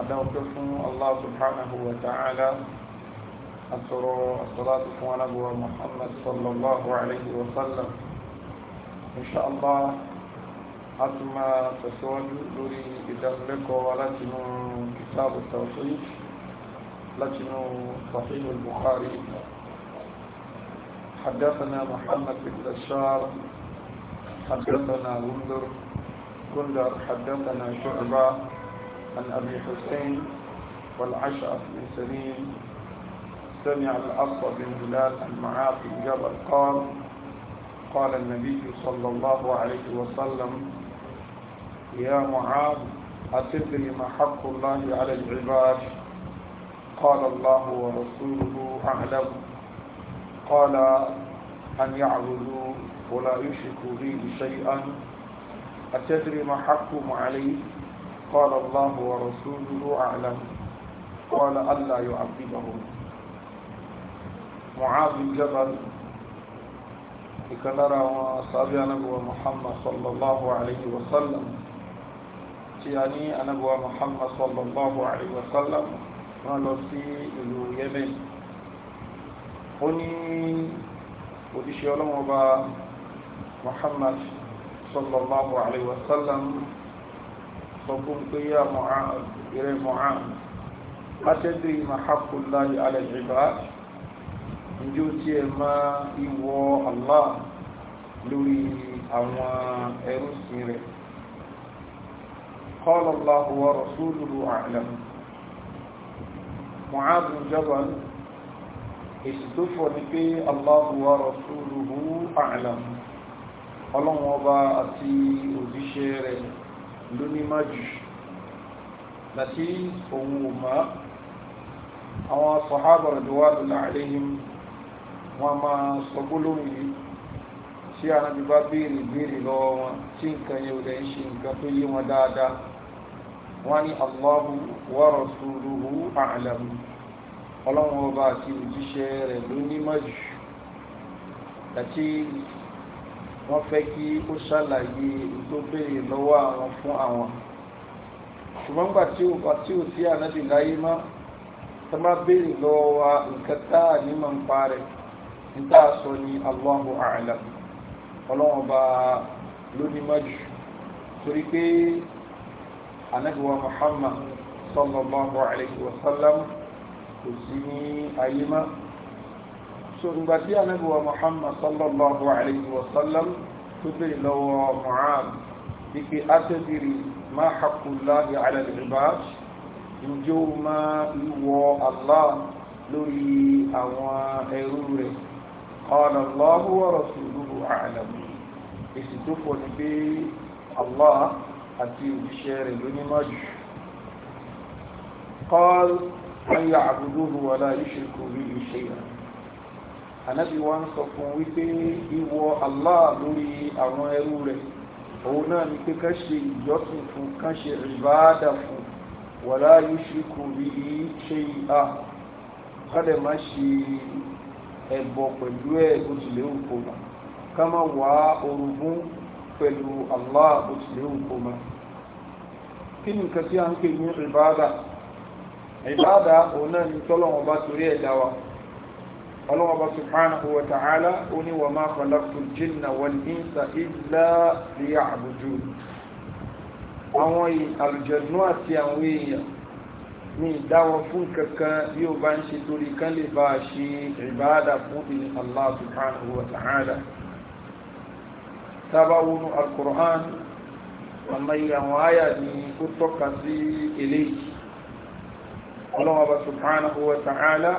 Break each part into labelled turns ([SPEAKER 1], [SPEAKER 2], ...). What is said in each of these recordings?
[SPEAKER 1] أدعوكم الله سبحانه وتعالى أسروا الصلاة والسلام على محمد صلى الله عليه وسلم إن شاء الله أتم تسوج لوري كتاب لك ولكن كتاب التوحيد لكن صحيح البخاري حدثنا محمد بن بشار حدثنا منذر كندر حدثنا شعبه عن أبي حسين والعشعث بن سليم سمع الأصل بن هلال عن معاذ بن جبل قال قال النبي صلى الله عليه وسلم يا معاذ أتدري ما حق الله على العباد قال الله ورسوله أعلم قال أن يعبدوا ولا يشركوا بي شيئا أتدري ما حقهم عليه قال الله ورسوله أعلم قال ألا يعذبهم معاذ الجبل جبل كنرى وصابي نبوة محمد صلى الله عليه وسلم تياني نبوة محمد صلى الله عليه وسلم قالوا في إلو يمن قني وديشي محمد صلى الله عليه وسلم sọ fún pé yá Mu'adh ìrẹ́ Mu'adh látẹ́dìrí mahapulayi alẹ́jìbá ǹjẹ́ ó tiẹ̀ máa ìwọ Allah lórí àwọn ẹrúsìn rẹ̀ قال الله ورسوله أعلم معاذ جبل استفن في الله ورسوله أعلم ọlọ́run ọba àti òjíṣẹ́ rẹ̀ ló ní má jù láti òun ò má àwọn sọ̀hábà radiyallahu alaihim wọ́n máa sọ gbólóhùn yìí tí Ànábì bá béèrè béèrè lọ́wọ́ wọn tí nǹkan yóò rẹ̀ ń ṣe nǹkan tó yé wọn dáadáa wọ́n ní Allahu wa rasuluhu a'lamu ọlọ́run ọba àti òjíṣẹ́ rẹ̀ ló ní má jù láti wọ́n fẹ́ kí ó ṣàlàyé tó béèrè lọ́wọ́ àwọn fún àwọn ṣùgbọ́n gbà tí ó bá tí ó sí ànábì láyé mọ́ tó má béèrè lọ́wọ́ wa nǹkan tá à ní mọ̀ ń pa rẹ̀ níta sọ ni Allahu a'lam ọlọ́wọ́n bá lónímọ̀jù torí pé ànábì wa Muhammad sallallahu alayhi wa sallam kò sí ní ayé mọ́ so ìgbà tí ànábì wa muhammad sallallahu alayhi wa sallam tó bèèrè lọ́wọ́ mu'ad wípé atẹ́bìrì ma haqqullahi ala al-ibad ǹjẹ́ o máa wọ allah lórí àwọn ẹrú rẹ̀ qala allahu wa rasuluhu a'lam èsì tó fọ́ ni allah àti òṣìṣẹ́ rẹ̀ ló ní an ya'buduhu wa la yushriku bihi shay'an ànábì wa ń sọ fún wípé ìwọ Allah lórí àwọn ẹrú rẹ̀ òun náà ni pé kán ṣe ìjọsìn fún kán ṣe ìbáàdà fún wàlá yushriku bihi shay'a kádẹ̀ má ṣe ẹbọ pẹ̀lú ẹ̀ bó tilẹ̀ òkò mà ká má wá orogún pẹ̀lú Allah bó tilẹ̀ òkò mà kí ni nǹkan tí a ń pè ní ìbáàdà ìbáàdà òun náà ni tọ́lọ́wọ́n bá torí ẹ̀dá wa ọlọ́wọ́ba subhanahu wa ta'ala ó ní wa ma khalaqtul jinna wal insa illa liya'budun àwọn àlùjànnú àti àwọn èèyàn ní ìdáwọ fún kankan bí ó bá ń ṣe torí kan lè bá ṣe ìbáadà fún ìní Allah subhanahu wa ta'ala tábàwọnú al-Qur'an àmọ́ àwọn àyà ni ó tọ́ka sí eléyìí ọlọ́wọ́ba subhanahu wa ta'ala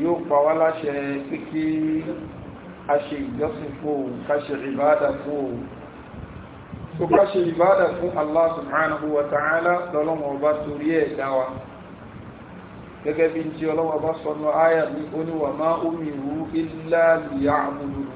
[SPEAKER 1] yóò pa wá láṣẹ pé kí a ṣe ìjọsìn fún òun ká ṣe ìbáadà fún òun tó ká ṣe ìbáadà fún Allah subhanahu wa ta'ala lọ́lọ́wọ́ ọba torí ẹ̀ dá wa gẹ́gẹ́ bí tí ọlọ́wọ́ ọba sọnù ayà ní oníwà máa omi ìrú illa liya'budu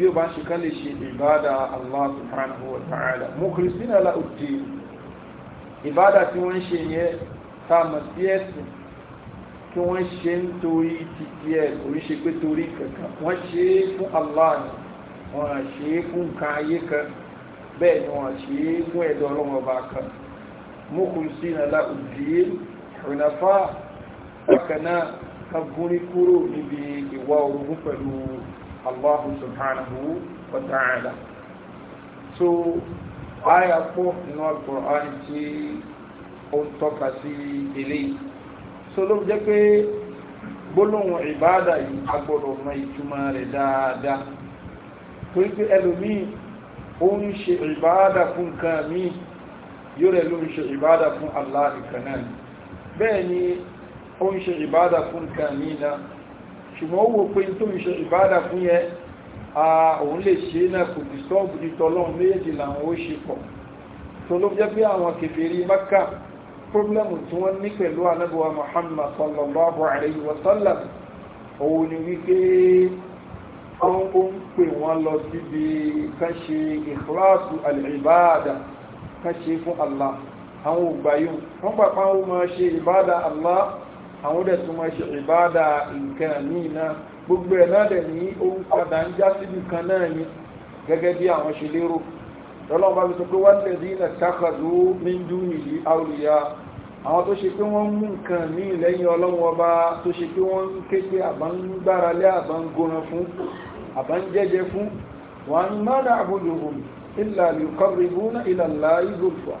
[SPEAKER 1] bí o bá ṣe kán lè ṣe ìbádà Allah subhanahu wa ta'ala mukhlisina lahu ad-din ìbádà tí wọ́n ń ṣe yẹ tá a mọ̀ sí ẹ̀sìn kí wọ́n ṣe ń torí títí ẹ̀ orí ṣe pé torí kankan wọ́n ṣe é fún Allah ni wọ́n ṣe é fún nǹkan kan bẹ́ẹ̀ ni wọ́n ṣe é fún ẹ̀dọ́ Allah subhanahu wa ta'ala so aya pọ̀ nínú al-Qur'an tí ó ń tọ́ka sí eléyìí so ló jẹ́ pé gbólóhùn ìbáàdà yìí a gbọ́dọ̀ mọ ìtumọ̀ rẹ̀ dáadáa torí pé ẹlòmíì ó ń ṣe ìbáàdà fún nǹkan míì yóò rẹ̀ ló ń ṣe ìbáàdà fún Allah ìkànnà bẹ́ẹ̀ ni ó ń ṣe ìbáàdà fún nǹkan míì náà ṣùgbọ́n ó wò pé tó ń ṣe ìbáàdà fún yẹn òun lè ṣe náà kò bí sọ́ọ̀bù ní tọ́lọ́run méjèèjì làwọn ó ṣe pọ̀ tó ló jẹ́ pé àwọn kèfèrí Mákà pọ́blẹ́mù tí wọ́n ní pẹ̀lú anábíwá Muhammad sallallahu alayhi wa àwọn dẹ̀ tó máa ṣe ìbáadà nǹkan míì náà gbogbo ẹ̀ náà dẹ̀ ní ohun padà ń já síbi kan náà ni gẹ́gẹ́ bí àwọn ṣe lérò lọ́lọ́run bá fi sọ pé wọ́n lè rí ilẹ̀ takàdú ní dúnì yìí àwòrìyá àwọn tó ṣe pé wọ́n mú nǹkan míì lẹ́yìn ọlọ́run ọba tó ṣe pé wọ́n ń ké pé àbá lé àbá fún àbá fún wọ́n á ní má dáàbò lòhùn ìlàlùkọ́ rìbúnà ìlàlá ìgbòfà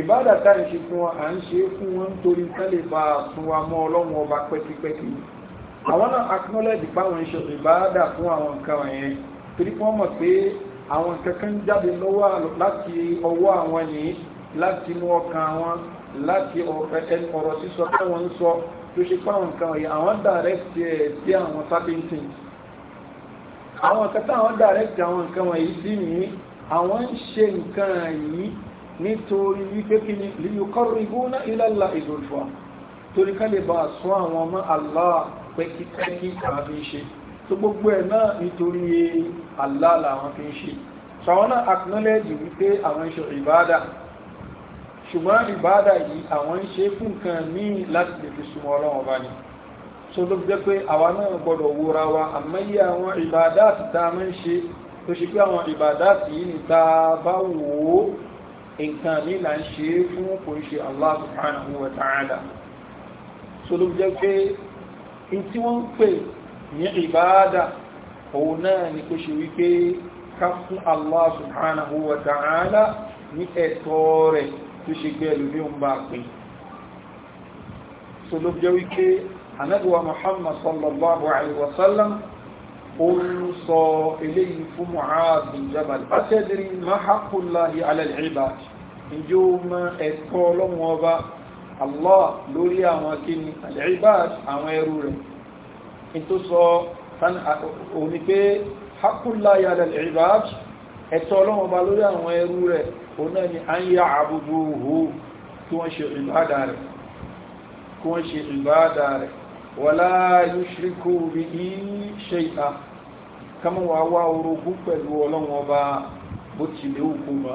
[SPEAKER 1] ìbádà tá à ń ṣe fún wọn à ń ṣe fún wọn nítorí tẹ́lẹ̀ bá a fún wa mọ́ ọlọ́run ọba pẹ́kípẹ́kí àwọn náà acknowledge páwọn iṣẹ́ ìbádà fún àwọn nǹkan wọ̀nyẹn torí wọ́n mọ̀ pé àwọn kankan jáde lọ́wọ́ láti ọwọ́ àwọn ní láti inú ọkàn wọn láti ọ̀rọ̀ sísọ pé wọ́n ń sọ tó ṣe páwọn nǹkan wọ̀nyẹn àwọn direct ẹ̀ sí àwọn sábẹ́ntì àwọn kẹta àwọn direct àwọn nǹkan wọ̀nyí sí ní àwọn ń ṣe nǹkan yìí nítorí wípé kí ni liyuqarribuna ila Allahi zulfa torí ká lè bá sún àwọn ọmọ Allah pẹ́kípẹ́kí àfi ń ṣe tó gbogbo ẹ̀ náà nítorí Allah làwọn fi ń ṣe sàwọn náà acknowledge wípé àwọn ń ṣe ìbáadà ṣùgbọ́n ìbáadà yìí àwọn ń ṣe fún nǹkan míì láti lè fi súnmọ́ Ọlọ́run ọba ni tó ló jẹ́ pé àwa náà gbọ́dọ̀ wúra wa àmọ́ àwọn ìbáadà ti tá a ṣe tó ṣe pé àwọn ìbáadà yìí ni tá bá wò nǹkan mi là ń ṣe é fún kò ń ṣe Allah subhanahu wa ta'ala sọlọ́ jẹ́ pé n tí wọ́n ń pè ní ìbáadà òun náà ni kó ṣe wípé ká fún Allah subhanahu wa ta'ala ní ẹ̀tọ́ rẹ̀ tó ṣe gbé ẹlùmí ń bá pè sọlọ́ jẹ́ wípé anábíwa Muhammad sallallahu alaihi wasallam ó ń sọ eléyìí fún Mu'adh bin Jabal atadri ma haqqullahi ala al-ibad ìjọ mọ ẹ̀tọ́ ọlọ́run ọba Allah lórí àwọn kíni al-ibad àwọn ẹrú rẹ̀ in tó sọ òní pé ala al-ibad ẹ̀tọ́ ọlọ́run ọba ni wala yushriku bihi shay'a kama wà wá orogún pẹ̀lú ọlọ́wọ́n ọba bó tilẹ̀ òkú ma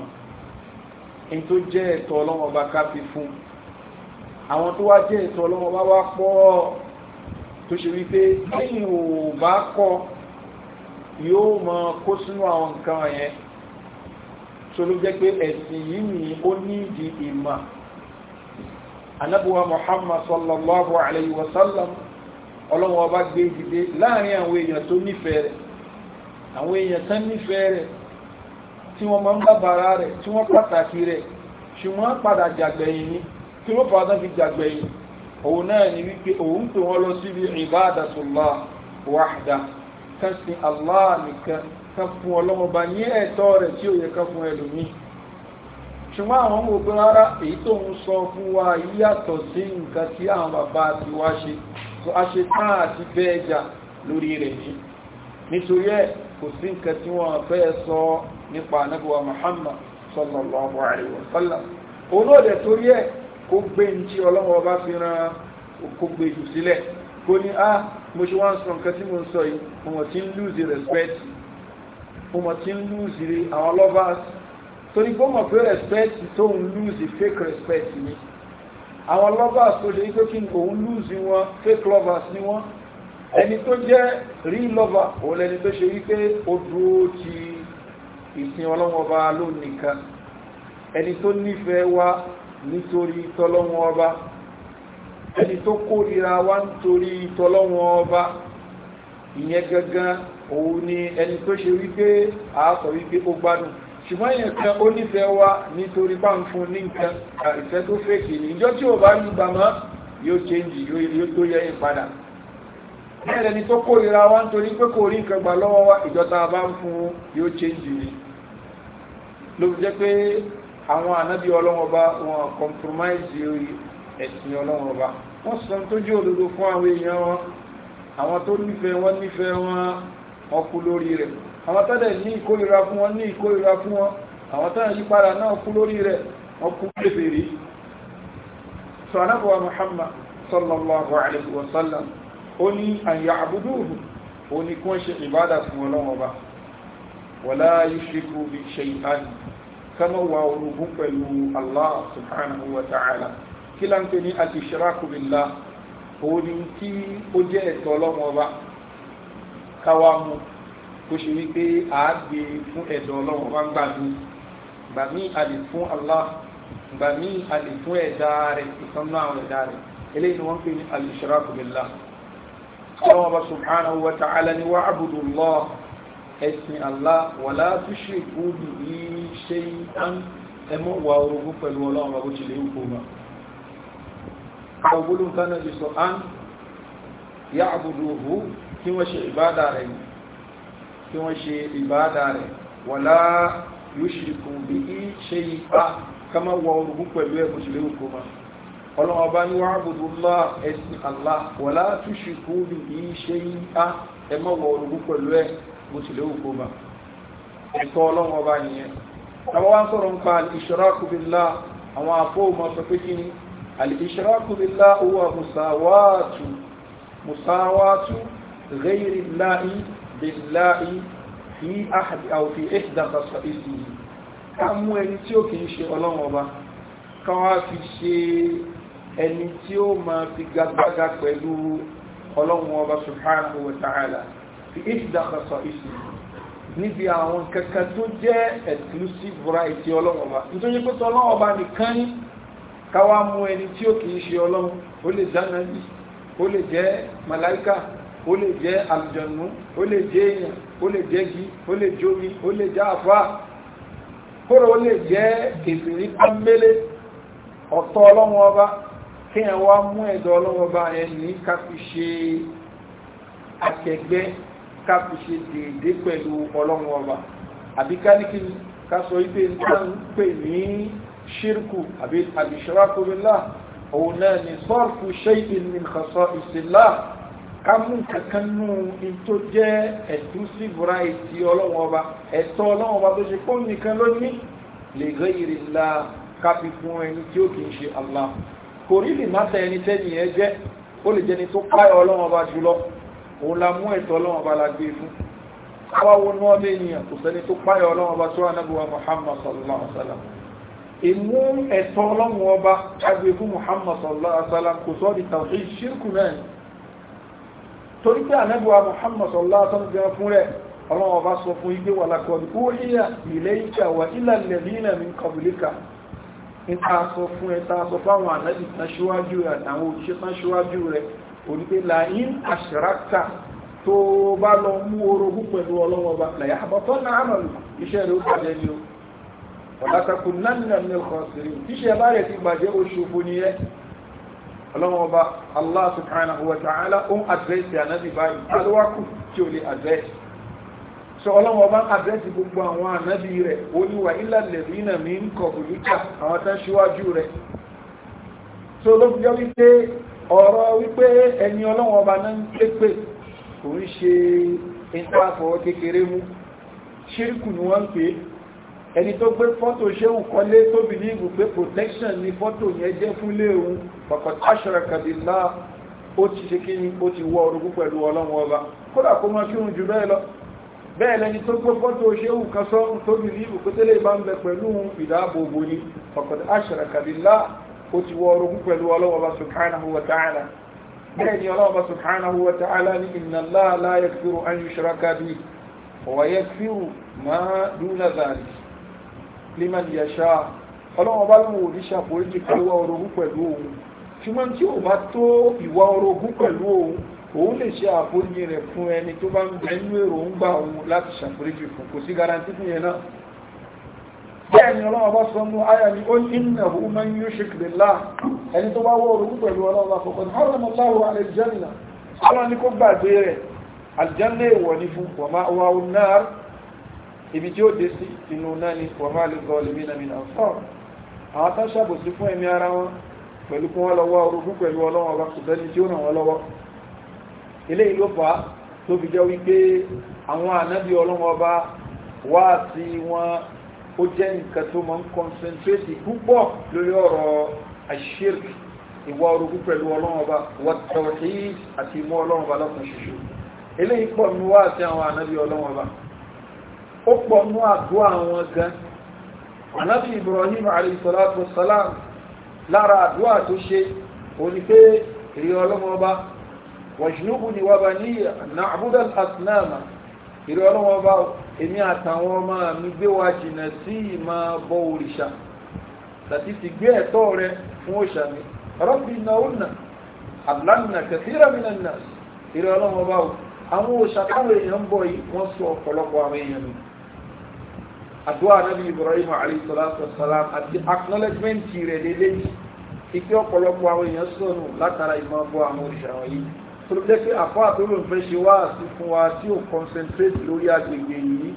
[SPEAKER 1] in tó jẹ́ ẹ̀tọ́ ọlọ́wọ́n ọba ká fi fún àwọn tó wá jẹ́ ẹ̀tọ́ ọlọ́wọ́n ọba wá pọ̀ tó ṣe wípé lẹ́yìn ò bá kọ́ yóò mọ kó sínú àwọn nǹkan yẹn tó ló jẹ́ pé ẹ̀sìn yìí ni ó ní ìmọ̀ anábùwà Muhammad sallallahu alayhi wa sallam ọlọ́wọ́n ọba gbé dìde láàrin àwọn èèyàn tó nífẹ̀ẹ́ rẹ̀ àwọn èèyàn tán nífẹ̀ẹ́ rẹ̀ tí wọ́n máa ń bàbára rẹ̀ tí wọ́n pàtàkì rẹ̀ ṣùgbọ́n padà jàgbẹ̀yìn ni kí ló fàá tán fi jàgbẹ̀yìn òun náà ni wípé òun tó wọ́n lọ síbi ibadatullah wahda kan sin Allah nìkan kan fún ọlọ́mọba sí so a ṣe tán àti bẹ́ ẹjà lórí rẹ̀ ní nítorí ẹ̀ kò sí nǹkan tí wọ́n fẹ́ sọ nípa anábíwa Muhammad sallallahu alaihi wasallam, sallam olóòdẹ̀ torí ẹ̀ kó gbé ní tí ọlọ́wọ́ bá fi ran kó gbé jù sílẹ̀ kó ní a ah, mo ṣe wọ́n sọ nǹkan tí mo ń sọ yìí mo ti ń lose respect mo ti ń lose àwọn lovers torí gbọ́mọ̀ respect tó ń lose fake respect àwọn lovers tó ṣe pé kí n òun lose wọn fake lovers ni wọ́n ẹni tó jẹ́ real lover òun lẹni tó ṣe wípé ó dúró ti ìsìn ọlọ́wọ́n ọba lónìkan ẹni tó nífẹ̀ẹ́ wa nítorí tọ́lọ́wọ́n ọba ẹni tó kórìíra wa nítorí tọ́lọ́wọ́n ọba ìyẹn gangan òun ni ẹni tó ṣe wípé àásọ wípé ó gbádùn ṣùgbọ́n yẹn kan ó nífẹ̀ẹ́ wa nítorí bá ń fún ní nǹkan àìfẹ́ tó fèkì ní ìjọ tí ò bá ń gbà yóò change yóò tó yẹ yín padà bẹ́ẹ̀ ni tó kórira wa nítorí pé kò rí nǹkan gbà lọ́wọ́ wa ìjọ tá a bá ń fún yóò change ni ló fi jẹ́ pé àwọn ànábì ọlọ́wọ́ bá wọn compromise ẹ̀sìn ọlọ́wọ́ bá wọ́n sọ tó jẹ́ òdodo fún àwọn èèyàn wọn àwọn tó nífẹ̀ẹ́ wọn nífẹ̀ẹ́ wọn ọkú lórí rẹ̀ àwọn tó dẹ̀ ní ìkórira fún wọn ní ìkórira fún wọn àwọn tó yí padà náà kú lórí rẹ̀ wọ́n kú lébèrè sọ anábọ̀wá Muhammad sallallahu alayhi wa sallam ó ní àyà àbúdúhù ó ní kí wọ́n ṣe ìbádà fún ọlọ́wọ́ bá wala yushriku bi shay'an jẹ́ ẹ̀tọ́ ọlọ́wọ́ bá káwàá mú tó ṣe wípé àágbé fún ẹ̀dọ̀ ọlọ́run wá gbàdú gbà mí àlè fún Allah gbà mí àlè fún ẹ̀dá rẹ̀ ìtọ́nú àwọn ẹ̀dá rẹ̀ eléyìí ni wọ́n pè ní al-ishraku billah ọlọ́run bá subhanahu wa ta'ala ni wa'budu Allah ẹ̀sìn Allah wala tushriku bihi shay'an ẹmọ́ wà orogún pẹ̀lú ọlọ́run bó ti lè ń kó wọn ọgbólóǹkan náà ti sọ án wọ́n ṣe ìbádà rẹ̀ yìí kí wọ́n ṣe ìbáadà rẹ̀ wala yushriku bí i ṣe ìpá kama wọ orogún pẹ̀lú ẹ̀ mùsùlùmí kò mọ́ ọlọ́wọ́ bá ní wa'budu Allah ẹ̀sìn Allah wala tushriku bí i ṣe ìpá ẹ má wọ orogún pẹ̀lú ẹ̀ mùsùlùmí kò mọ́ ẹ̀kọ́ ọlọ́wọ́ bá nìyẹn tàbá wá ń sọ̀rọ̀ nípa al-ishraku billah àwọn afọ́ọ̀mọ́ billahi fi ahadi aw fi ihda khasaisihi ká mú ẹni tí ó kìí ṣe ọlọ́run ọba ká wá fi ṣe ẹni tí ó máa fi gagbága pẹ̀lú ọlọ́run ọba subhanahu wa ta'ala fi ihda khasaisihi níbi àwọn kankan tó jẹ́ exclusive variety ọlọ́run ọba nítorí pé tọ́lọ́run ọba nìkan ní ó lè jẹ́ àlùjọ̀nù ó lè jẹ́ èèyàn ó lè jẹ́ gi ó lè jómi ó lè jẹ́ àfá kóra ó lè jẹ́ kèfìrí pánbélé ọ̀tọ̀ ọlọ́wọ́n ọba kí ẹ wá mú ẹ̀dọ̀ ọlọ́wọ́n ọba ẹni ká fi ṣe akẹgbẹ́ ká fi ṣe dèédé pẹ̀lú ọlọ́wọ́n ọba àbí ká ká sọ wípé nǹkan ń pè ní ṣírkù àbí àbíṣọ́rákùnrin náà òun náà ni sọ́ọ̀fù ṣe ìlú nìkan sọ ká mú kankan nù tó jẹ́ exclusive right ti ọlọ́wọ́n ọba ẹ̀tọ́ ọlọ́wọ́n ọba tó ṣe pọ́ nìkan ló ní lè gẹ́ ìrìnlá ká fi fún ẹni tí ó kì í ṣe Allah kò rí lè má tẹ ẹni tẹ́ni ẹ jẹ́ ó lè jẹni tó páyọ̀ ọlọ́wọ́n ọba jùlọ òun la mú ẹ̀tọ́ ọlọ́wọ́n ọba la gbé fún àwa ní ọmọ ènìyàn kò sẹ́ni tó páyọ̀ ọlọ́wọ́n ọba tó wà nábùwà Muhammad sallallahu alaihi ìmú ẹ̀tọ́ ọlọ́wọ́n ọba kágbé fún Muhammad sallallahu alaihi wa kò sọ́ torí pé ànẹ́bùwà Muhammad sallallahu alaihi wasallam gan fún rẹ̀ ọlọ́run ọba sọ fún igbe wà lákọ̀ọ́dù kó yíyà ilẹ̀ ìkà wà ilẹ̀ lẹ́lẹ́lẹ́ min qablika níta sọ fún ẹ ta sọ fáwọn ànẹ́bì tán ṣíwájú rẹ̀ àtàwọn òṣìṣẹ́ tán ṣíwájú rẹ̀ onípe làyín àṣíráta tó bá lọ mú orogún ọlọ́wọ́n ọba allah subhanahu wa ta'ala ó ń àdírẹ́sì ànábì báyìí alówákù tí ó lè àdírẹ́sì so ọlọ́wọ́n ọba ń àdírẹ́sì gbogbo àwọn ànábì rẹ̀ ó ní wà ilẹ̀ lẹ́rìnà mi ń kọ̀ bùlùkà àwọn tán síwájú rẹ̀ so ló fi jọ wípé ọ̀rọ̀ wípé ẹni ọlọ́wọ́n ọba náà ń pépè kò ń ṣe ìtàfọ̀ kékeré mú ṣírkù ni wọ́n ń pè ẹni tó gbé fọ́tò ṣéhùn kọ́lé tóbi ní ìbùgbé protection ni fọ́tò yẹn jẹ́ fúnlé òun faqad ashraka billah ó ti ṣe kí ni ó ti wọ orogún pẹ̀lú ọlọ́run ọba kódà kó máa kírun jù bẹ́ẹ̀ lọ bẹ́ẹ̀ lẹni tó gbọ́gbọ́ tó ṣe wù kan sọ́run tó bí ní ìpótélé bá ń bẹ pẹ̀lú ìdáàbòbò ni faqad ashraka billah ó ti wọ orogún pẹ̀lú ọlọ́run ọba subhanahu wa ta'ala بين الله سبحانه وتعالى إن الله لا يكفر أن يشرك به ويكفر ما دون ذلك لمن يشاء الله أبالمو لشاء قولتك هو ورغوك ودوه ṣùgbọ́n tí ò bá tó ìwà orogún pẹ̀lú òun òun lè ṣe àforíjì rẹ̀ fún ẹni tó bá ń bẹ nínú èròǹgbà òun láti ṣàforíjì fún kò sí garanti fún yẹn náà bẹ́ẹ̀ ni ọlọ́wọ́ sọ mú ayà ní ó ní ọlọ́mọ láwọ́ alẹ́jẹ́nà ọlọ́ àwọn tó ṣàbòsí fún ẹ̀mí ara wọn pẹ̀lú kún wọ́n lọ́wọ́ orogún pẹ̀lú ọlọ́wọ́ ọba kò sẹ́ni tí ó ràn wọ́n lọ́wọ́ eléyìí ló fà á tó fi jẹ́ wípé àwọn ànábì ọlọ́wọ́ ọba wá sí wọn ó jẹ́ nǹkan tó máa ń kọ́nsẹ̀ntrétì púpọ̀ lórí ọ̀rọ̀ àṣírk ìwà orogún pẹ̀lú ọlọ́wọ́ Ibrahim alayhi wa salam lára àdúrà tó ṣe òní pé rí ọlọ́mọba wàjúnúbù ni wà bá ní nàbúdà asnáàmà rí ọlọ́mọba èmi àtàwọn ọmọ mi gbé wa jìnà sí ìmọ̀ bọ òrìṣà tàbí ti gbé ẹ̀tọ́ rẹ fún òṣà mi rọ́bì náà àbúlánà kẹfìrà mi náà rí ọlọ́mọba àwọn òṣà táwọn èèyàn ń bọ̀ yìí wọ́n sọ ọ̀pọ̀lọpọ̀ àwọn èèyàn mi àdúrà nàbí Ibrahim alayhi salatu wa àti acknowledgement rẹ̀ lélẹ́yìn ìpé ọ̀pọ̀lọpọ̀ àwọn èèyàn sọnù látara ìmọ̀bọ̀ àwọn òṣàwọn yìí tó ló jẹ́ pé àpá àtúrò ń fẹ́ ṣe wá sí fún wa tí ó concentrate lórí agbègbè yìí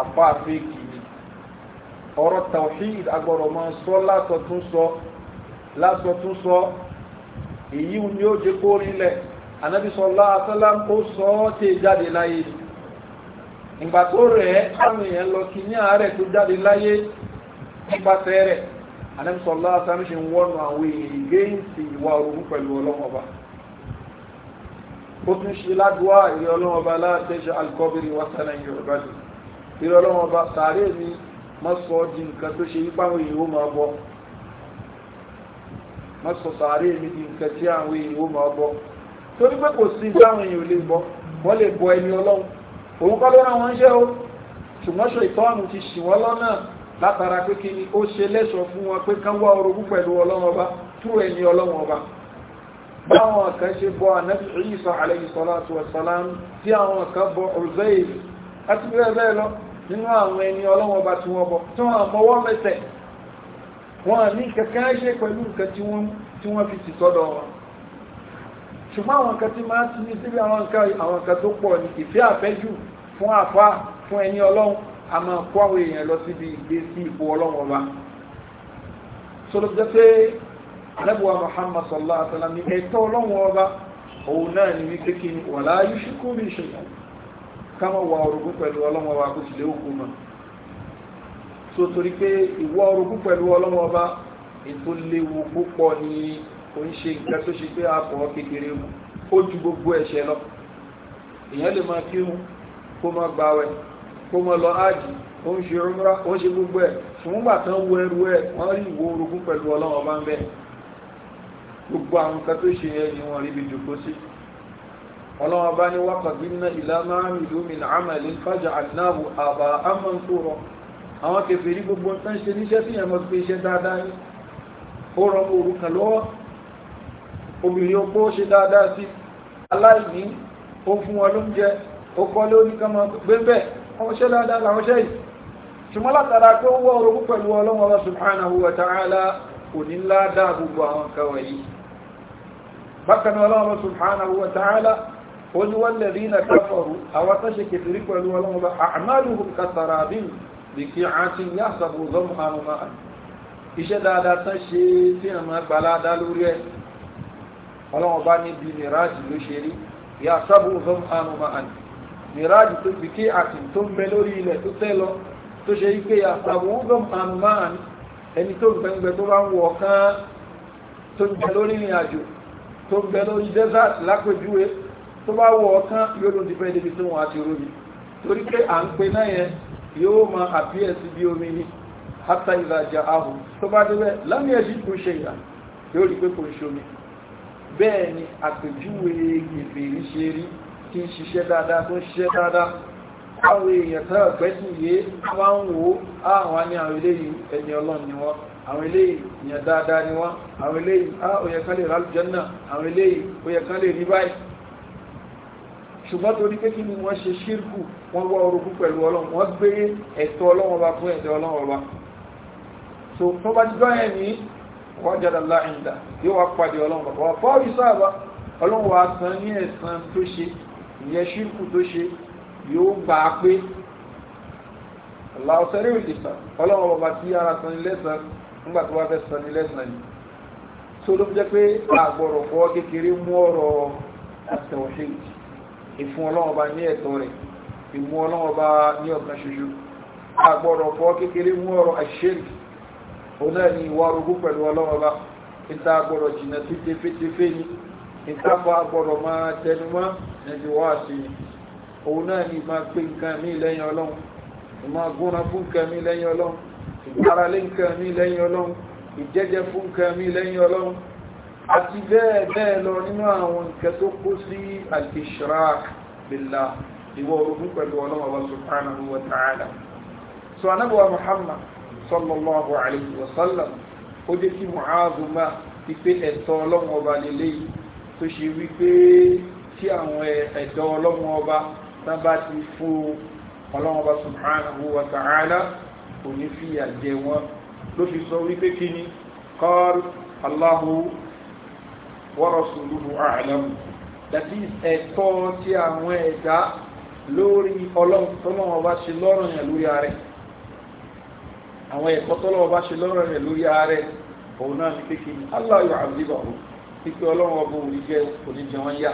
[SPEAKER 1] àpá àfẹ́kì ni ọ̀rọ̀ tawhid agbọ̀rọ̀ máa sọ lásọtún sọ sọ èyí ni ó jẹ́ kó rí lẹ̀ anábìsọ̀lá asálàm sọ ọ́ tẹ̀ jáde láyé ni ìgbà tó rẹ̀ àwọn èèyàn lọ kí ní ààrẹ tó jáde láyé nípasẹ̀ rẹ̀ anẹ́sọ̀lá sámíṣẹ́ ń wọ́nu àwọn èèyàn gẹ́ǹsì ìwà ogun pẹ̀lú ọlọ́mọba ó tún ṣe ládùá ìrẹ́ ọlọ́mọba látẹ́ṣẹ́ alkọ́bìnrin wásánà yorùbá ni ìrẹ́ ọlọ́mọba sàárè mi mọ́sọ̀ di nǹkan tó ṣe ipá àwọn èèyàn ó máa bọ́ mọ́sọ̀ sàárè mi di nǹkan tí àwọn èèyàn ó máa bọ́ torí pé kò sí ìgbà àwọn èèyàn ò lè bọ́ wọ́n lè bọ ẹni ọlọ́run òun kọ́ ló rán wọn ṣẹ́ o ìtọ́nù ti ṣì wọ́n lọ́nà látara pé kí ni ó ṣe lẹ́sọ̀ fún wọn pé kán wá orogún pẹ̀lú ọlọ́wọ́n ọba tú ẹni ọlọ́wọ́n ọba báwọn kan ṣe bọ ànábì Ìsá alayhi salatu wassalam tí àwọn kan bọ Uzair àti bẹ́ẹ̀ bẹ́ẹ̀ lọ nínú àwọn ẹni ọlọ́wọ́n ọba ṣùgbọ́n àwọn nǹkan tí máa ti ní síbi àwọn nǹkan àwọn nǹkan tó pọ̀ ní ìfẹ́ àfẹ́jù fún àfa fún ẹni ọlọ́run a máa kó àwọn èèyàn lọ síbi ìgbé sí ipò ọlọ́run ọba sọlọ jẹ́ muhammad sallallahu alaihi wa sallam ní ẹ̀tọ́ ọlọ́run ọba ni wàlá yushriku bi shay'an káma wà orogún pẹ̀lú ọlọ́run ọba kó sì léwu kú mọ́ so kò ń ṣe nǹkan tó ṣe pé akọ̀ kékeré ó ju gbogbo ẹ̀ṣẹ̀ lọ èèyàn lè máa kírun kó máa gbààwẹ̀ kó máa lọ áàjì ó ń ṣe rúmúrá ó ń ṣe gbogbo ẹ̀ fúngbà tán wo ẹrú ẹ̀ wọ́n rí ìwọ orogún pẹ̀lú ọlọ́run ọba ń bẹ gbogbo àwọn nǹkan tó ṣe yẹn ni wọ́n rí ibi jòkó sí ọlọ́run ọba ní waqadimna ila ma amilu min amalin faja'alnahu haba'an mansura àwọn kẹfẹ́ rí gbogbo nǹkan ṣe níṣẹ́ tí yẹn mọ́ pé iṣẹ́ dáadáa ní ó rọ orúkọ lọ́wọ́ obìnrin opó ṣe dáadáa sí aláìní ó fún wọn lóúnjẹ ó kọ́ lórí kan máa gbé bẹ́ẹ̀ wọ́n ṣe dáadáa làwọn ṣe yìí ṣùgbọ́n látara pé ó wọ́ orogún pẹ̀lú ọlọ́wọ́ lọ subhanahu wa ta'ala kò ní ládá gbogbo àwọn kawà yìí bákan ọlọ́wọ́ lọ subhanahu wa dáadáa tán ṣe tí a máa gbalá dá lórí ẹ̀ ọlọ́wọ́n bá níbi mìíràjì ló ṣe rí ìyá sábò ọ̀fọ́n àrùn máa ń mìíràjì tó fi kí àti tó ń bẹ lórí ilẹ̀ tó tẹ́ lọ tó ṣe wípé ìyá sábò ọ̀fọ́n àrùn máa ń ẹni tó ń gbẹngbẹ tó bá ń wọ̀ kán tó ń bẹ lórí ìrìn àjò tó ń bẹ lórí desert lápèjúwe tó bá wọ̀ kán yóò ló ti fẹ́ débi tó wọn àti rómi torí pé à ń pe náà yẹn omi bẹ́ẹ̀ ni àpèjúwe gbèbèrè ṣe rí tí ń ṣiṣẹ́ dáadáa tó ń ṣiṣẹ́ dáadáa àwọn èèyàn tán ọ̀gbẹ́sìn yé wá ń ní àwọn ni wọ́n ni wọ́n àwọn eléyìí á òyẹ kan lè rálùjẹ́ náà àwọn ni wọ́n ṣe ṣírkù wọ́n wá orogún pẹ̀lú ọlọ́run wọ́n gbé ẹ̀tọ́ ọlọ́run ọba fún ẹ̀tọ́ ọlọ́run ọba so tó bá ti ẹ̀ ní wajada Allah inda yóò wá pàdé ọlọ́run bàbá wà fọ́ọ̀rì sáàbà ọlọ́run wa san ní ẹ̀san tó ṣe ìyẹn ṣírkù tó ṣe yóò gbà á pé Allahu sẹ́rí òjì sàn ọlọ́run bàbá tí ara san ní nígbà tó wá fẹ́ san ní lẹ́san tó ló fi jẹ́ pé àgbọ̀rọ̀ fọ́ kékeré mú ọ̀rọ̀ àtẹ̀wọ̀ṣe ìfún ọlọ́run ní ẹ̀tọ́ rẹ̀ ìmú ọlọ́run ní ọ̀kan ṣoṣo àgbọ̀rọ̀ fọ́ kékeré mú ọ̀rọ̀ àṣẹ́rìí òun náà ni ìwà orogún pẹ̀lú ọlọ́wọ́ bá ìta agbọ́dọ̀ jìnnà sí tefetefe ni ìtafà agbọ́dọ̀ máa tẹnumọ́ níbi wá sí ni òun náà ni máa pé nǹkan mi lẹ́yìn ọlọ́run ìmáa gúnra fún nǹkan mi lẹ́yìn ọlọ́run ìgbáralé nǹkan mi lẹ́yìn ọlọ́run ìjẹ́jẹ́ fún nǹkan mi lẹ́yìn ọlọ́run àti bẹ́ẹ̀ sallallahu alayhi wa sallam ó jẹ́ kí Mu'adh máa wípé ẹ̀tọ́ ọlọ́run ọba lélẹ́yìí tó ṣe wípé tí àwọn ẹ̀dọ́ ọlọ́run ọba náà bá ti fún ọlọ́run ọba subhanahu wa ta'ala kò ní fi àjẹ wọn ló fi sọ wípé kí ni qal Allahu wa rasuluhu a'lam dàbí ẹ̀tọ́ tí àwọn ẹ̀dá lórí ọlọ́run ọba ṣe lọ́rùn yẹn lórí ààrẹ àwọn ẹ̀kọ́ tọ́lọ́wọ́ bá ṣe lọ́rọ̀ rẹ̀ lórí ààrẹ òun náà ní kékeré aláyọ àbíbà òun pípẹ́ ọlọ́run ọba òun jẹ́ oníjẹ wọn yá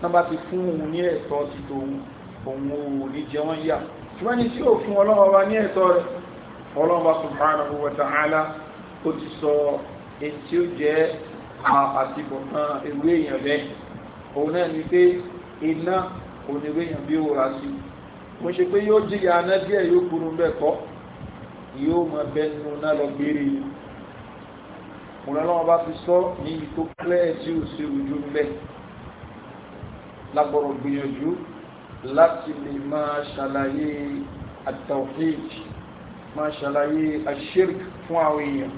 [SPEAKER 1] náà bá ti fún òun ní ẹ̀tọ́ ti tòun òun oníjẹ wọn yá ṣùgbọ́n ní tí ó fún ọlọ́run ọba ní ẹ̀tọ́ rẹ̀ ọlọ́run ọba subhanahu wa ta'ala ó ti sọ èyí tí ó jẹ́ àtibọ̀tán ewé èèyàn bẹ́ẹ̀ òun náà ni pé iná onírèèyàn bí ó rà sí mo ṣe pé yóò jìyà aná díẹ̀ yóò kúrú bẹ́ẹ̀ kọ́ yóò mọ bẹnu náà lọ gbére òun ọlọ́wọ́ bá fi sọ ní ibi tó pẹ́ tí ò sí ojú ńlẹ̀ lágbọ̀rọ̀ gbìyànjú láti lè máa ṣàlàyé at-tawhid máa ṣàlàyé ash-shirk fún àwọn èèyàn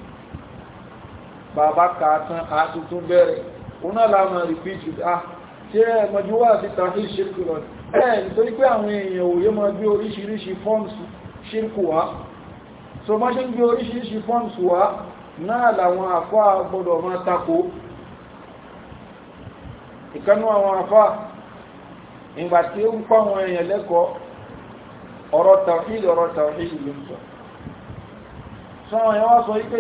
[SPEAKER 1] bàbá kàátán àtúntún bẹ̀rẹ̀ òun náà láàmà rìpíìtì ah ṣé ẹ̀mọ̀jú wà sí tawhid shirk lọ ẹ̀ nítorí pé àwọn èèyàn òye máa gbé oríṣiríṣi fọ́ọ̀mù shirk wá so bá ṣe ń gbé oríṣiríṣi forms wá náà làwọn àfá gbọdọ̀ máa tako ìkanú àwọn àfá ìgbà tí ó ń pa àwọn èèyàn lẹ́kọ̀ọ́ ọ̀rọ̀ tàwíìlì ọ̀rọ̀ tàwíìlì ló ń sọ sọ àwọn èèyàn wá sọ wípé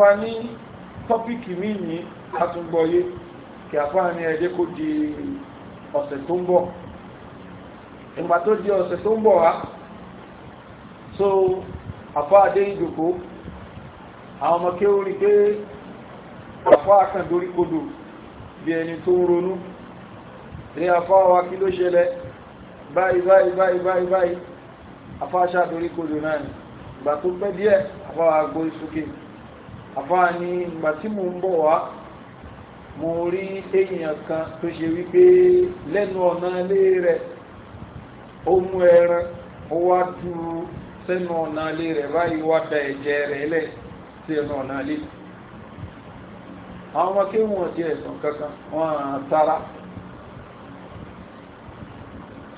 [SPEAKER 1] wa ní tọ́pìkì míì ní àtúngbọ̀yé kí àfáà ní ẹjẹ́ kó di ọ̀sẹ̀ tó ń bọ̀ ìgbà tó di ọ̀sẹ̀ tó ń bọ̀ wá so àfáà dé ìjòkó àwọn ọmọ kéwò rí pé àfáà kan dorí kodò bí ẹni tó ń ronú ní àfáà wa kí ló ṣẹlẹ̀ báyìí báyìí báyìí báyìí báyìí àfáà ṣàdorí kodò náà ni ìgbà tó pẹ́ díẹ̀ àfáà gbórí sókè àfáà ní ìgbà tí mò ń bọ̀ wá mo rí èèyàn kan tó ṣe wípé lẹ́nu ọ̀nà ilé rẹ̀ ó mú ẹran ó wá tú sẹ́nu ọ̀nà ilé rẹ̀ báyìí wá da ẹ̀jẹ̀ rẹ̀ lẹ̀ sí ẹnu ọ̀nà ilé àwọn ọmọ kí wọ́n ti ẹ̀sùn kankan wọ́n tara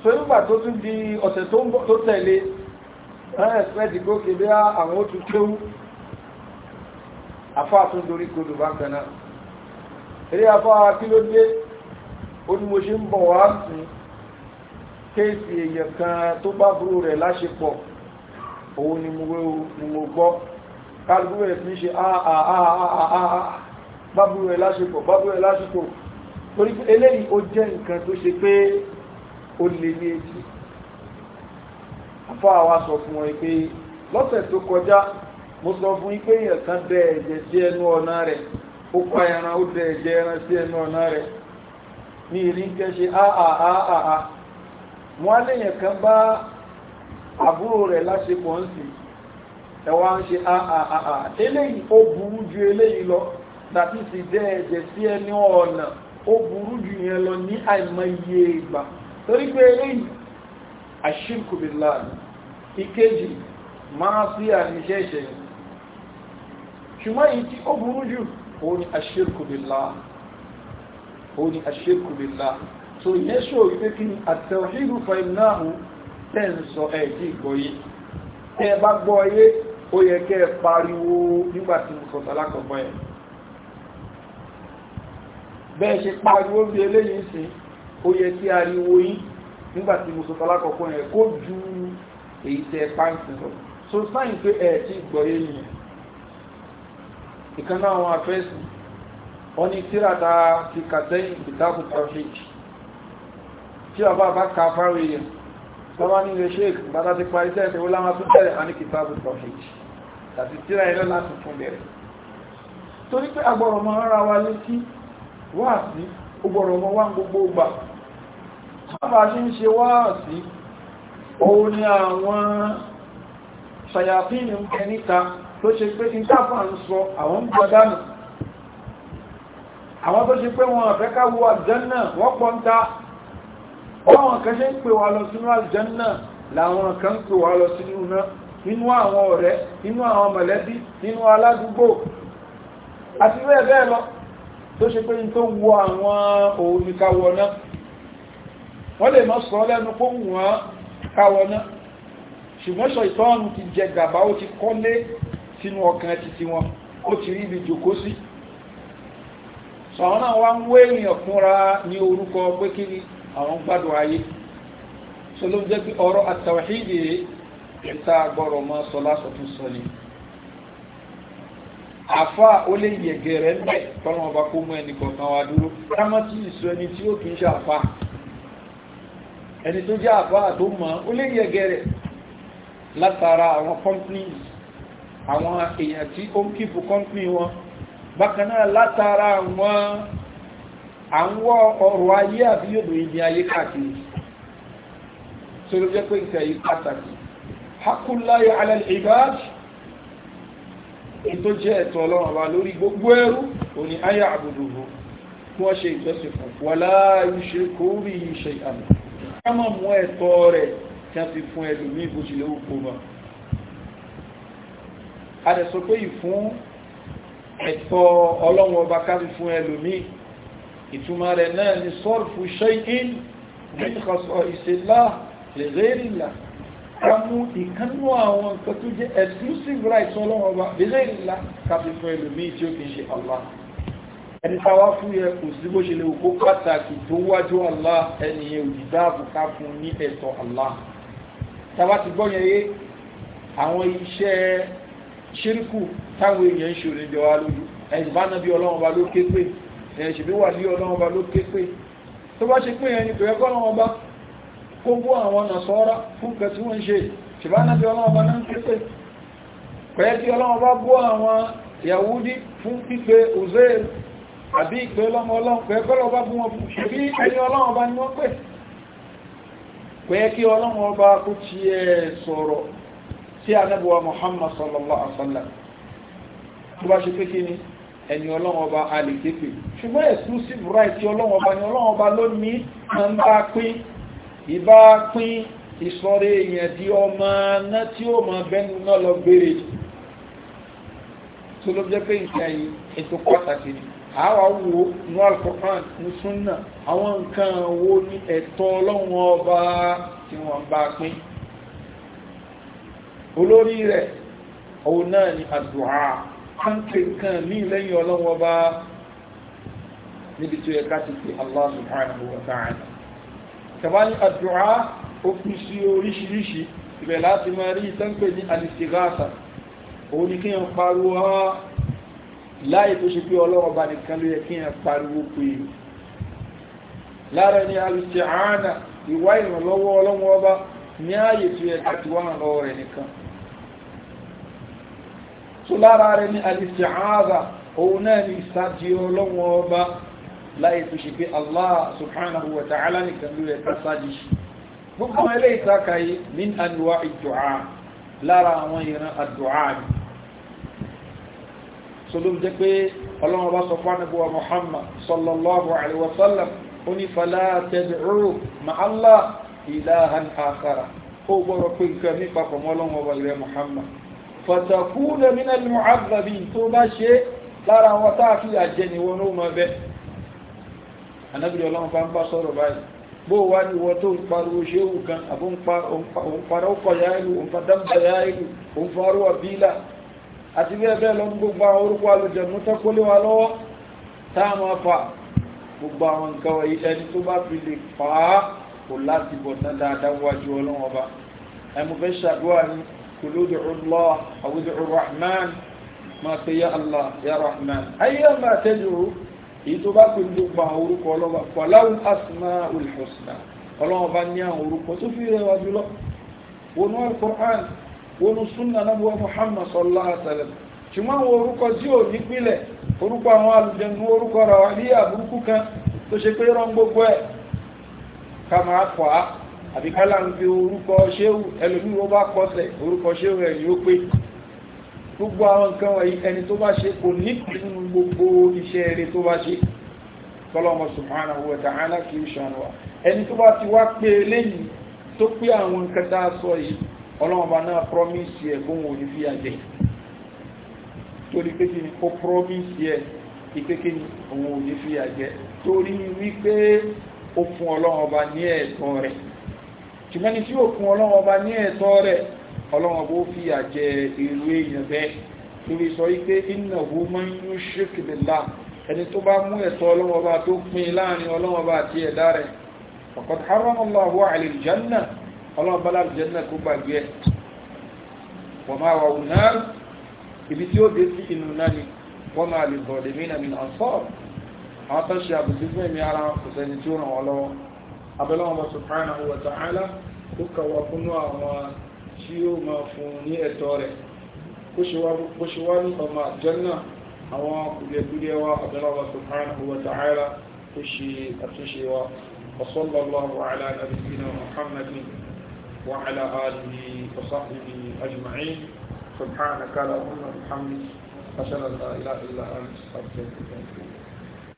[SPEAKER 1] so tó tún di ọ̀sẹ̀ tó tẹ̀lé wọ́n ẹ̀sẹ̀ dìgbò kébé àwọn ó tún kéwú afáàtúndorí kodò bákan náà eré afárá kí ló dé ó ní mo ṣe ń bọ̀ wá sí kéèsì èèyàn kan tó bá burú rẹ̀ láṣepọ̀ òun ni mo gbọ́ kálukú rẹ̀ fi ṣe ah, ah, ah, bábúrú rẹ̀ láṣepọ̀ bábúrú rẹ̀ láṣepọ̀ torí pé eléyìí ó jẹ́ nǹkan tó ṣe pé ó lè ní etí afọ́ àwa sọ fún wọn pé lọ́sẹ̀ tó ó pa ẹran ó dẹ ẹ̀jẹ̀ ẹran sí ẹnu ọ̀nà rẹ̀ ní ìrìnkẹ́ ṣe áàáàá wọ́n á léyìn kan bá àbúrò rẹ̀ láṣepọ̀ ń sì ẹwà ń ṣe àà eléyìí ó burú ju eléyìí lọ dàbí ti dẹ́ ẹ̀jẹ̀ sí ẹni ọ̀nà ó burú ju yẹn lọ ní àìmọye ìgbà torí pé eléyìí àṣírkùbìlà ìkejì máa sí àníṣẹ́ṣẹ́ ṣùgbọ́n èyí tí ó burú jù ó ní aṣírkù billah ó ní aṣírkù billah so yẹ́ ṣò wípé kí ni àtẹ̀wọ̀hìrù fàìnáhù tẹ́ ń sọ ẹ̀jì ìgbọ̀yé tẹ́ bá gbọ́ ayé ó yẹ kẹ́ pariwo nígbàtí mo sọ̀tà ẹ̀ so sáyìn pé ẹ̀ ti gbọ̀yé nìyẹn ìkan náà àwọn afẹ́sì wọ́n ní tírata ti kàtẹ́yìn ìtàkùn tawhid tí ọba bá ka fáwọn èèyàn tọ́wá ní ilé sheik bàtà ti parí tẹ́ ìṣẹ́wó láwọn tún tẹ́lẹ̀ a ní kìtàbù tawhid àti tíra torí pé agbọ̀rọ̀ ara wa létí wá si ọgbọ̀rọ̀ mọ́ gbogbo gbà sábà ṣe ń ṣe wá ni àwọn ṣàyàfíìnì ń tó ṣe pé ìtàfà ń sọ àwọn ń gbọ́ dánù àwọn tó ṣe pé wọn àfẹ́ ká wo àjẹ́nà wọ́n pọ̀ ń ta báwọn kan ṣe ń pè wá lọ sínú àjẹ́nà làwọn kan ń pè wá lọ sínú náà nínú àwọn ọ̀rẹ́ nínú àwọn mọ̀lẹ́bí nínú aládùúgbò àti bẹ́ẹ̀ bẹ́ẹ̀ lọ tó ṣe pé tó wọ àwọn òníkàwọ̀ náà wọ́n lè mọ́ sọ lẹ́nu kó wọ́n kàwọ̀ náà ṣùgbọ́n ṣọ ìtọ́nù tinu ọkan títí wọn ó ti rí ibi jòkó sí sọ̀rọ̀ náà ń wé fúnra ní orúkọ pé kí ni àwọn gbádùn ayé so ló jẹ́ pé ọ̀rọ̀ àtàwàhídì ìta gbọ́rọ̀ mọ́ sọ lásọ̀tún sọ ni àfa ó lè yẹ̀gẹ̀ rẹ̀ ńbẹ̀ tọ́lọ́ ọba kó mú ẹnì kọ̀ọ̀kan wá dúró ìsọ ẹni tí ó kì í ṣe àwọn èèyàn tí ó ń kífù kọ́mpì wọn bákan náà látara àwọn àwọn ọ̀rọ̀ ayé àbí yòdò ìdí ayé káàkiri tó ló jẹ́ pé ìtẹ̀ yìí pàtàkì haqullahi ala al-ibad ètò jẹ́ ẹ̀tọ́ ọlọ́run wa lórí gbogbo ẹrú òní ayé àbùdùbù kí wọ́n ṣe ìjọsìn fún wọ́n fi adẹ̀sọ pé ìfún ẹ̀tọ́ ọlọ́wọ́ ọba kárí fún ẹlòmí ìtumà rẹ̀ náà ni sọ́ọ̀fù ṣẹ́yìn nígbàsọ ìṣẹ́lá lẹ́rẹ́rìlá ká mú ìkánú àwọn nǹkan tó jẹ́ exclusive rights ọlọ́wọ́ ọba lẹ́rẹ́rìlá kárí fún ẹlòmí tí ó kì í ṣe Allah ẹni táwa fún yẹ kò sí bó ṣe lè kó pàtàkì tó wájú Allah ẹni yẹn fún ní ẹ̀tọ́ Allah táwa ti gbọ́ yẹn yé àwọn iṣẹ́ ṣíríkù táwọn èèyàn ń ṣòro ìjọ wa lójú ẹ̀sìn bá nàbí ọlọ́run ba ló ké pé ẹ̀sìn bí wà ní ọlọ́run ba ló ké pé tó bá ṣe pé ẹni tó yẹ kọ́ ọlọ́run ba kó bú àwọn nàṣọ́ra fún nǹkan tí wọ́n ń ṣe ṣùgbá nàbí ni wọ́n pè pẹ̀lẹ́ kí ọlọ́run sí anábíwá muhammad sallallahu alaihi wa sallam tó bá ṣe pé kí ni ẹni ọlọ́run ọba a ṣùgbọ́n exclusive right ti ọlọ́run ọba ni ọlọ́run ọba ló ní à ń bá pín ìbá pín ìsọ̀rọ̀ èèyàn di ọmọ náà tí ó mọ bẹ́nu náà lọ gbére tó ló jẹ́ pé nǹkan yìí ètò pàtàkì ni àwa wo nu alkoran nu sunna àwọn nǹkan wo ni ẹ̀tọ́ ọlọ́run ọba tí wọ́n bá pín olórí rẹ̀ òun náà ni àdùá kánpé nǹkan ní lẹ́yìn ọlọ́wọ́ bá níbi tó yẹ ká ti pè Allah subhanahu wa ta'ala kàbá ní àdùá ó pín sí oríṣiríṣi ibẹ̀ láti máa rí ìtànpé ní al-istighatha òun ni kí pariwo ha ah! láì tó ṣe pé ọlọ́wọ́ bá nìkan ló yẹ kí pariwo pé lára ni al ìwá ìrànlọ́wọ́ ọlọ́wọ́ bá ní ààyè tó yẹ ká ti wá hàn lọ́wọ́ rẹ̀ nìkan tó lára rẹ̀ ní al-isti'aza òun náà ní ìsájí ọlọ́wọ́ ọba láyé tó ṣe pé Allah subhanahu wa ta'ala nìkan ló yẹ ká sájí gbogbo ilé ìtaka yìí min anwa'i du'a lára àwọn ìran àdùá ni solom jẹ́ pé ọlọ́run bá sọ ilahan akhara ó gbọ́dọ̀ pé nǹkan ní papọ̀ mọ́ Ọlọ́run ọba ilẹ̀ Muhammad fatakuna minal mu'azzabin tó bá ṣe lára wọn tá a fi àjẹni wọn ó mọ bẹ́ẹ̀ anábìrì Ọlọ́run bá ń bá sọ̀rọ̀ báyìí bó wá ní wọ́n tó ń pariwo ṣéhù kan àbó ń para kò láti bọ̀ tán dáadáa wájú ọlọ́wọ́n ọba ẹmu fẹ́ ṣàdúrà ní kòlódì ọlọ́ àwùjọ rahman máa pe ya allah ya rahman ayé máa tẹ́jú èyí tó bá pè gbogbo àwọn orúkọ ọlọ́wọ́ pàláwù asma olùfọ̀sùnà ọlọ́wọ́n bá ní àwọn orúkọ tó fi rẹwà jùlọ wọnú alukur'an wọnú sunna nabuwa muhammad sallallahu alaihi Kama máa kọ́ á àbí ká láwọn fi orúkọ ṣéwù ẹlòmíì wọ́n bá kọ́sẹ̀ orúkọ ṣéwù ẹ̀ ni ó pé gbogbo àwọn nǹkan wọ̀nyí ẹni tó bá ṣe kò ní nínú gbogbo iṣẹ́ eré tó bá ṣe kọ́lọ́mọ subhanahu wa ta'ala kì í wa ẹni tó bá ti wá pé eléyìí tó pé àwọn nǹkan tá a sọ yìí ọlọ́mọba náà promise ẹ̀ fún òní fi àjẹ́ torí pé kí ni ó promise ẹ̀ ìpé kí ni òun òní fi àjẹ́ torí wípé ó fún ọlọ́run ọba ní ẹ̀tọ́ rẹ̀ ṣùgbọ́n ní tí ó fún ọlọ́run ọba ní ẹ̀tọ́ rẹ̀ ọlọ́run ọba ó fi àjẹ irú èèyàn bẹ́ẹ̀ lórí sọ wípé innahu man yushrik billah ẹni tó bá mú ẹ̀tọ́ ọlọ́run ọba tó pín láàrin ọlọ́run ọba àti ẹ̀dá rẹ̀ faqad harrama Allahu alal ọlọ́run bá láti àwọn tó ṣe àbùsí fún èmi ara kò sẹ́ni tí ó ràn wọ́n lọ́wọ́ abẹ́lẹ́wọ̀n bá subhanahu wa ta'ala ó kàwà fúnnú àwọn tí ó máa fún ní ẹ̀tọ́ rẹ̀ bó ṣe wá ní ọmọ àjẹ́nà àwọn kùdìẹ̀kùdìẹ̀ wa أشهد أن لا إله إلا أنت أستغفرك وأتوب إليك